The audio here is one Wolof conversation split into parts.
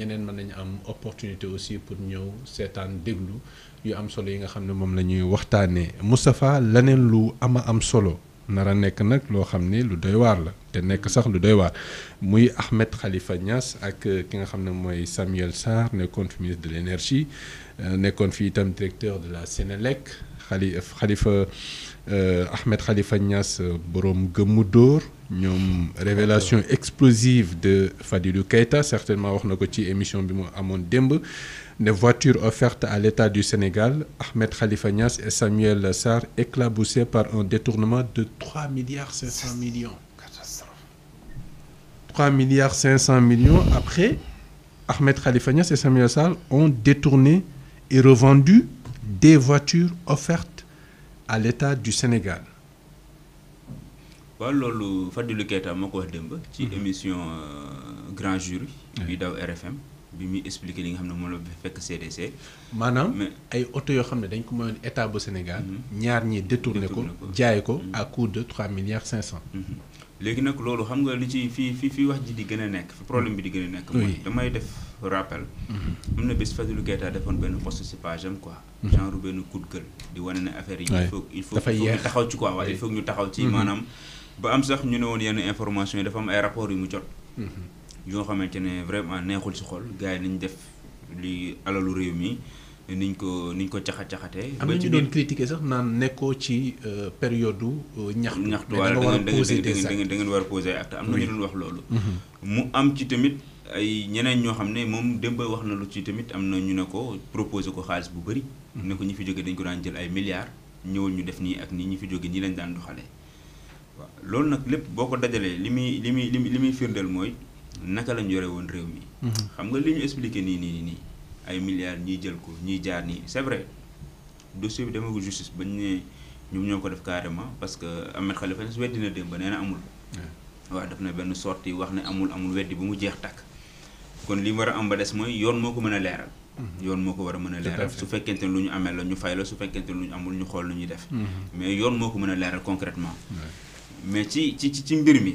ñeneen mën nañu am opportunité aussi pour ñëw seetaan déglu yu am solo yi nga Moustapha lu ama am solo a nekk nag loo lu doy waar la Ahmed Khalifa Niass ak euh, ki nga Samuel Sarr de l'énergie énergie euh, nekkoon fi directeur de la Sénélec Khalifa euh, Ahmed Khalifa Niass euh, borom Gemoudour, révélation explosive de Fadilou Kaita, certainement on a émission bi mon amoon voitures offertes à l'État du Sénégal Ahmed Khalifa Niass et Samuel Sarr éclaboussés par un détournement de 3,5 milliards 3,5 millions milliards millions après Ahmed Khalifa Niass et Samuel Sarr ont détourné et revendu des voitures offertes à l'État du Sénégal. Voilà je suis Keita moo ko ci mhm. émission euh, grand jury bi daw RFM bi muy expliqué li nga xam ne moom la fekk CDC. maanaam ay oto yoo xam ne dañ ko mayoon état bu Sénégal. Mm-hmm. ñaar ñi détourné ko jaay ko ak mm-hmm. coût de 3 milliards 500. Mm-hmm. léegi nag loolu xam nga li ci fii fii fii wax ji di gën a nekk fi problème bi di gën a nekk. mooy damay def rappel. am na bés Fadilou Keita defoon benn poste ci page am quoi. genre benn coup de gueule di wane ne affaire yi. il faut il faut ñu taxaw ci ko waaye il faut ñu taxaw ci maanaam. ba am sax ñu ne woon yenn information yi dafa am ay rapports yu mu jot. yoo xamante ne vraiment neexul si xol gaa yi nañ def li alalu réew mi niñ ko niñ ko caxa caxatee. am na ñu sax naan nekkoo ci euh, période euh, ñaxtu. ñaxtu waaye da ngeen da ngeen da ngeen war a poser acte am na ñu doon wax loolu. Mhm. mu am ci tamit ñeneen ñoo xam ne moom démb wax na lu ci tamit am na ñu ne ko proposé ko xaalis bu bëri. Mhm. ne ko ñi fi jógee dañ ko daan jël ay milliards ñëwul ñu def nii ak nii ñi fi jógee nii lañ daan doxalee waaw loolu nag lépp boo ko dajalee li muy li muy li muy firndeel mooy. naka lañ mi. Mhm. xam nga li ñu ni ni ay milliards ñuy jël ko jaar c'est vrai dossier bi demagul justice bañ ne ñoom ñoo def carrément parce que Ahmed Khalifa Niass weddi na démb nee na amul. waaw def na benn wax ne amul amul weddi bu mu jeex tak kon li am ba des yoon ko mën a mhm. yoon ko a a su fekkente lu ñu amee la ñu fay la su lu ñu amul ñu def. Mhm. mais yoon moo ko mën concrètement. mais ci ci ci mbir mi.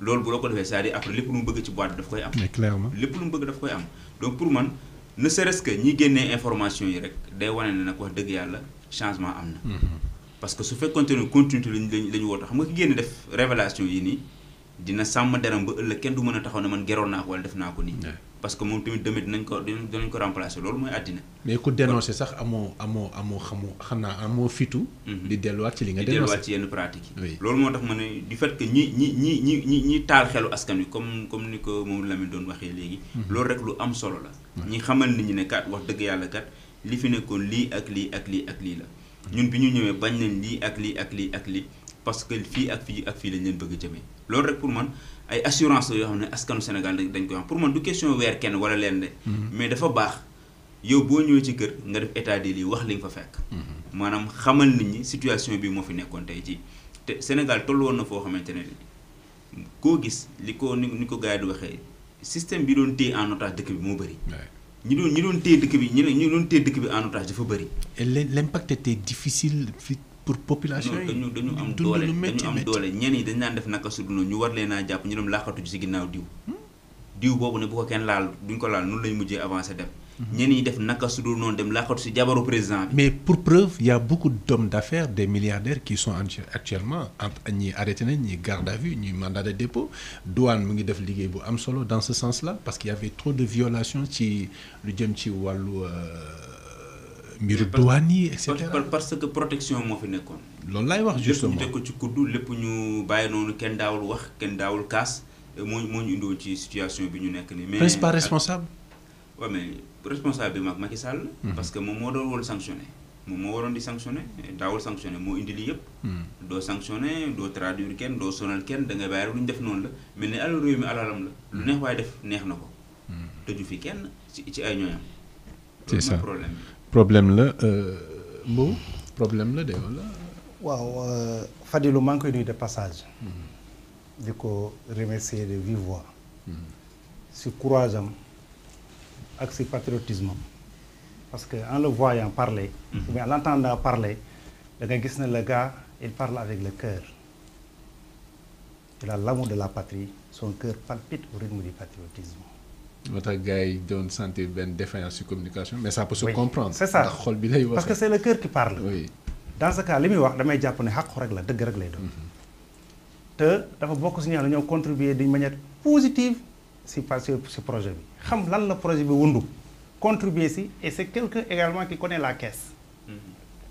loolu bu la ko c'est-à-dire après lépp lu mu bëgg ci boîte daf mais clairement lépp lu mu daf koy am donc pour moi, ne serait-ce que ñi génnee information yi rek day wane ne wax changement mm-hmm. parce que ce fait continue, continuité lañ lañ xam nga révélation yi dina sàmm deram ba ëllëg kenn du mën a taxaw na man geroon naa ko wala def naa ko nii. parce que moom tamit demee dinañ ko dinañ ko remplacer loolu mooy àddina. mais ku dénoncé sax amoo amoo amoo xamoo xam naa amoo fitu. Mhm. di delluwaat ci li nga dénoncé di delluwaat ci yenn pratique yi. loolu moo tax ma ne du fait que ñi ñi ñi ñi ñi ñi taal xelu askan wi comme comme ni ko moom Lamine doon waxee léegi. Mhm. loolu rek lu am solo la. ñi xamal nit ñi ne kat wax dëgg yàlla kat li fi nekkoon lii ak lii ak lii ak lii la. ñun bi ñu ñëwee bañ nañ lii ak lii ak lii ak lii parce que fii ak fii ak fi lañ leen bëgg a jëmee loolu rek pour man ay assurance la yoo xam ne askanu Sénégal dañ koy wax pour man du question weer kenn wala leen de. Mm-hmm. mais dafa baax yow boo ñëwee ci kër nga def état des lieux wax li nga fa fekk. Mm-hmm. maanaam xamal nit ñi situation bi moo fi nekkoon tey ci te Sénégal tollu woon na foo xamante ne koo gis li ko ni ni ko gars di waxee système bi doon téye en otage dëkk bi moo bëri. ñi doon ñi doon téye dëkk bi ñi doon téye dëkk bi en otage dafa bëri. et l'impact était difficile pour population yi dañu am doole dañu am doole ñenn yi dañ daan def naka su ñu war leena japp jàpp ñu dem laaxatu ci ginnaw diw hmm? diw bobu ne bu ko kenn laal duñ ko laal noonu lañ mujjé avancé dem hmm. ñen yi def naka su dul noonu dem laaxatu si jabaru président bi. mais pour preuve il y a beaucoup d'hommes d'affaires des milliardaires qui sont actuellement entre ñi arrêté nañ ñi garde à vue ñi mandat de dépôt douane mu ngi def liggéey bu am solo dans ce sens là parce qu'il y avait trop de violations ci lu jëm ci wàllu. Euh, mbiru douane et cetera parce que protection mo fi nekkoon. loolu laay wax justement lépp ñu ko ci kuddu lépp ñu bàyyi noonu kenn daawul wax kenn daawul kaas moo moo ñu indiwoon ci situation bi ñu nekk nii. mais principal responsable. waaw mais responsable bi mag Macky Sall. Mhm. parce que moom moo doon woon sanctionné. moom moo waroon di sanctionné daawul sanctionné moo indi lii yëpp. Mhm. doo sanctionné doo traduire kenn doo sonal kenn da nga bàyyi luñ def noonu la mel ni alal réew mi alalam la. lu mhm. neex waaye def neex na ko. tëju fi kenn ci ci ay ñooñam. c'est ça problème problème le euh, beau problème là, de wala. waaw euh, Fadilou le de passage. Mm-hmm. remercier de vive voix. Mm-hmm. courage ce patriotisme parce que en le voyant parler. Mm-hmm. ou en l'entendant parler le gars il parle avec le cœur. il a l'amour de la patrie son cœur palpite au rythme du patriotisme. Notre gars donne doon sentir benn défaillance sur communication mais ça peut se comprendre. c'est ça parce que c'est le cœur qui parle. oui dans ce cas li muy wax damay jàpp ne xàqu rek la dëgg rek lay doon. Mhm. te dafa beaucoup si ñi ont contribué d'une manière positive si ce projet bi xam lan la projet bi wundu contribuer ici, et c'est quelqu'un également qui connaît la caisse. Mhm.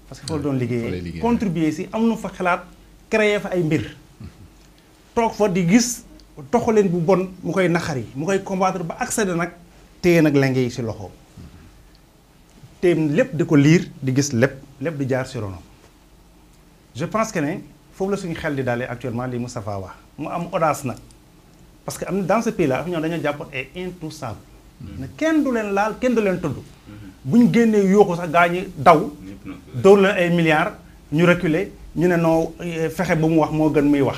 parce que faut donc liguer. contribuer ici, on nous fa xalaat créer fa ay mbir. faut mhm. fa di gis. toxaleen bu bon mu koy naxari mu koy combattre ba ak accéder nag téye nag lenge yi si loxoom te lépp di ko liir di gis lépp lépp di jaar si ronom je pense que ne foofu la suñu xel di dalee actuellement li Moustapha wax mu am audace nag parce que am na dans ce pays là am ñoo dañoo jàppoon ay intouchable mm-hmm. ne kenn du leen laal kenn du leen tudd bu ñu génnee yooko sax gaa ñi daw dóor leen ay milliards ñu réculer ñu ne noo eh, fexe ba mu wax moo gën muy wax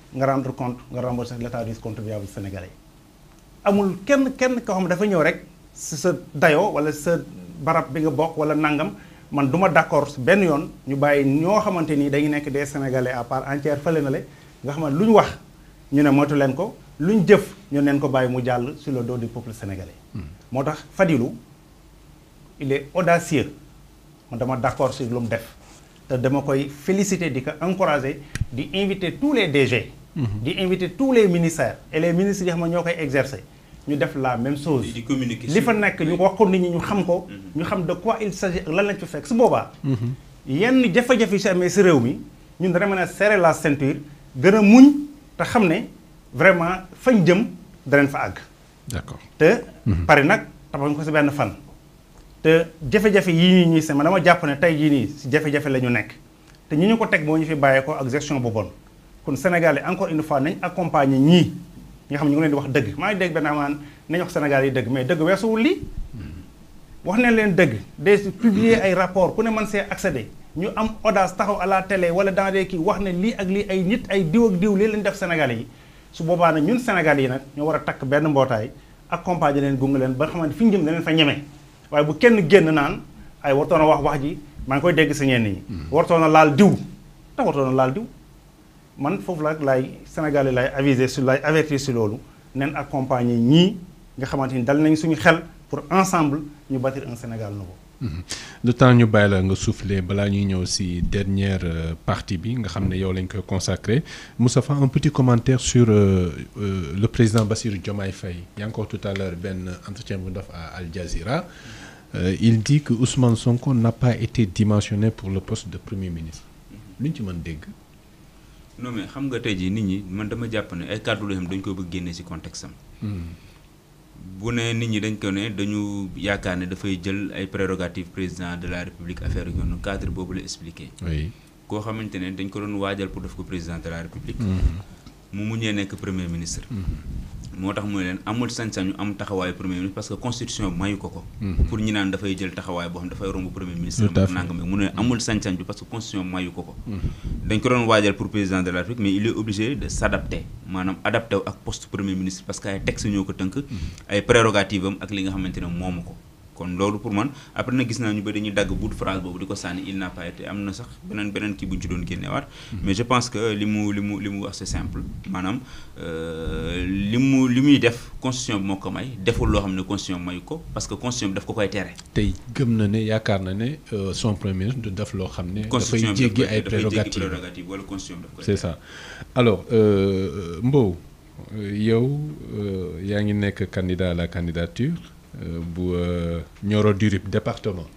nga rendre compte nga rembourser l'état du contribuable sénégalais amul kenn kenn ko xam dafa ñëw rek si sa dayoo wala sa barab bi nga bokk wala nangam man duma d'accord d'accord benn yoon ñu bàyyi ñoo xamante ni dañu nekk des sénégalais à part entière fële na le nga xam lu ñu wax ñu ne moytu leen ko lu ñu jëf ñu neen ko bàyyi mu jàll sur le dos du peuple sénégalais. Hmm. moo tax Fadilou il est audacieux man dama d'accord sur lu mu def te dama koy féliciter di ko encourager di inviter tous les DG. Mhm. di inviter tous les ministères et les ministres yi xam ne ñoo exercer ñu def la même chose. di communiquer li fa nek ñu wax ko nit ñi ñu xam ko. Mhm. ñu xam de quoi il s'agit ak lan lañ fi fek su boba mhm. yenn jafé jafé yi si amee réew mi ñun dana mën serrer la ceinture gëna muñ ta xam ne vraiment fañ jëm danañ fa ag d'accord te. paré nak tabaxuñ ko ci ben fan. te jafé yi ñi ñi sama dama japp né tay ji ni ci jafé jafé lañu nek nekk te ñi ñu ko teg bo ñu fi bayé ko ak gestion bu bon. kon sénégalais encore une fois nañ accompagner ñi nga xam ñu ngi leen di wax dëgg maa ngi dégg benn amaan nañ wax sénégalais yi dëgg mais dëgg weesuwul lii wax ne leen dëgg des publier ay rapport ku ne man see accéder ñu am audace taxaw à la télé wala dans des kii wax ne lii ak lii ay nit ay diw ak diw lii leen def sénégalais yi su boobaa nag ñun sénégalais yi nag ñoo war a takk benn mbootaay accompagner leen gunge leen ba nga xamante fi ñu jëm leen fa ñeme waaye bu kenn génn naan ay wartoon a wax wax ji maa ngi koy dégg sa ñenn ñi mm. wartoon a laal diw te wartoon a laal diw man faut que laay sénégalais laay aviser sur laay avertir si loolu nen accompagner ñii nga xamante ni dal nañ suñu xel pour ensemble ñu bâtir un Sénégal nouveau. le mm-hmm. temps ñu bàyyi la nga souffler balaa ñuy ñëw dernière euh, partie bi nga xam yow lañ koy un petit commentaire sur euh, euh, le président Bassir Diomaye Faye Il y a encore tout à l'heure benn entretien bu à Al Jazeera il dit que Ousmane Sonko n'a pas été dimensionné pour le poste de premier ministre luñ ci mën dégg. non mais xam nga tay ji nit ñi man dama japp ne ay cadre lu xam dañ ko bëgg génné ci contexte am. bu ne nit ñi dañ ko ne dañu yaakaar ne dafay jël ay prérogatives président de la république affaire yu yoonu cadre bobu la expliquer oui ko xamante ne dañ ko doon waajal pour def ko président de la république. mu muñé nek premier ministre. motax mu amul sañ premier ministre parce que constitution mayu ko mhm. pour ñu naan dafay jël taxawaay bo xam premier ministre. amul sañ-sañ parce que constitution mayu mhm. président de la mais il est obligé de s'adapter manam adapté ak poste premier ministre parce que ay textes ñoko textes mhm. ay prérogatives ak li nga kon loolu pour man après na gis na ñu bari ñu dagg bout phrase boobu di ko sànni il n'a pas été amna sax benen benen ki bu ñu ci doon génneewaat mm-hmm. mais je pense que limu limu limu wax c'est simple manam euh limu limuy def constitution moko may deful lo xam constitution may ko parce que constitution bi daf ko koy téré tey gëm na ne yaakaar na ne euh, son premier ministre daf lo loo dafay jéggi ay prérogatives wala constitution daf koy c'est ça alors euh, euh Mbow euh, yow yaa ngi nekk candidat à la candidature euh, bu ñoro euh, du Rip département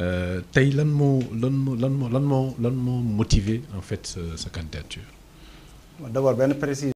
euh, tey lan moo lan moo lan moo lan moo lan moo motiver en fait sa candidature. d'abord benn précision.